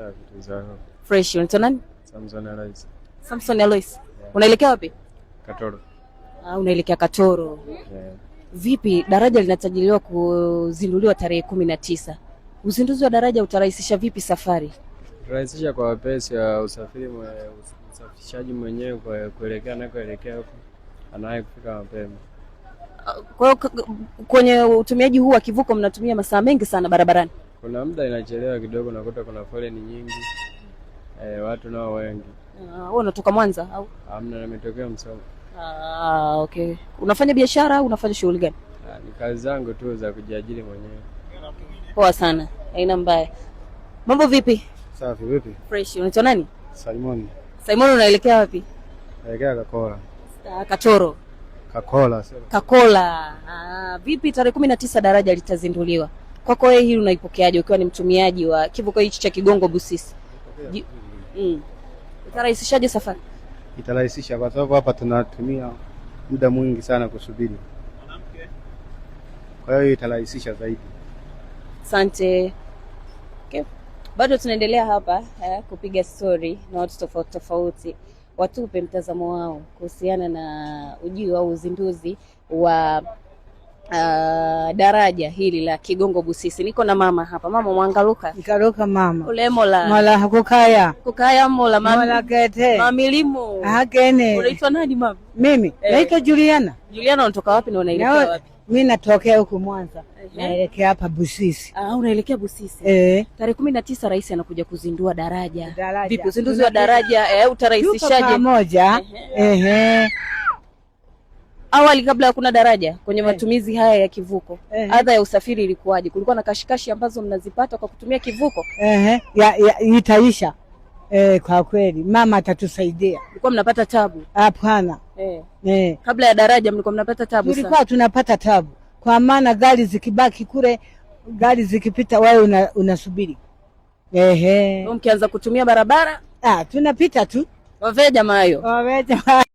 Ah, Fresh, unaitwa nani? Samson Alois. Samson Alois. Yeah. Unaelekea wapi? Katoro. Ah, unaelekea Katoro. Yeah. Vipi, daraja linatajiliwa kuzinduliwa tarehe kumi na tisa. Uzinduzi wa daraja utarahisisha vipi safari? Rahisisha kwa wepesi ya uh, usafiri mwe, usafirishaji mwenyewe kwa kuelekea na kuelekea huko anaye kufika mapema. Ah, kwa kwenye utumiaji huu wa kivuko mnatumia masaa mengi sana barabarani? kuna muda inachelewa kidogo, nakuta kuna foleni nyingi eh, watu nao wengi. Ah, wewe unatoka Mwanza au? Hamna, nimetokea Msoma. Ah, okay. Unafanya biashara au unafanya shughuli gani? Ah, ni kazi zangu tu za kujiajiri mwenyewe. Poa sana, haina mbaya. Mambo vipi? Safi, vipi? Fresh. Unaitwa nani? Simon. Simon, unaelekea wapi? Naelekea Kakola. Ah, Katoro. Kakola, sio? Kakola. Ah, vipi tarehe kumi na tisa daraja litazinduliwa? Kwako wewe hili unaipokeaje ukiwa ni mtumiaji wa kivuko hichi cha Kigongo Busisi? Mm. Itarahisishaje safari? Itarahisisha kwa sababu hapa tunatumia muda mwingi sana kusubiri, kwa hiyo itarahisisha zaidi. Asante. Okay. Bado tunaendelea hapa eh, kupiga stori na watu tofauti tofauti, watupe mtazamo wao kuhusiana na ujio au uzinduzi wa Uh, daraja hili la Kigongo Busisi, niko na mama hapa. Mama mwangaluka Ngaluka mama Ule mola hakukaya kukaya mola mama. mola kete mamilimo hakene. Unaitwa nani mama? Mimi eh, naitwa Juliana. Juliana, unatoka wapi na unaelekea wapi? Mimi natokea huku Mwanza eh. naelekea hapa Busisi. Ah, unaelekea Busisi. Eh. Tarehe kumi na tisa rais anakuja kuzindua daraja. Vipi uzinduzi wa daraja, Eh, utarahisishaje? Pamoja. Eh, eh. Ehe. Eh awali kabla hakuna daraja kwenye hey, eh. matumizi haya ya kivuko hey, eh. adha ya usafiri ilikuwaje? Kulikuwa na kashikashi ambazo mnazipata kwa kutumia kivuko? Hey, eh, ya, ya, itaisha hey, kwa kweli mama atatusaidia. Mlikuwa mnapata tabu? Hapana. hey. hey. Kabla ya daraja mlikuwa mnapata tabu Tulikuwa tunapata tabu, kwa maana gari zikibaki kule, gari zikipita, wewe unasubiri una hey. mkianza kutumia barabara. Ah, tunapita tu waveja mayo waveja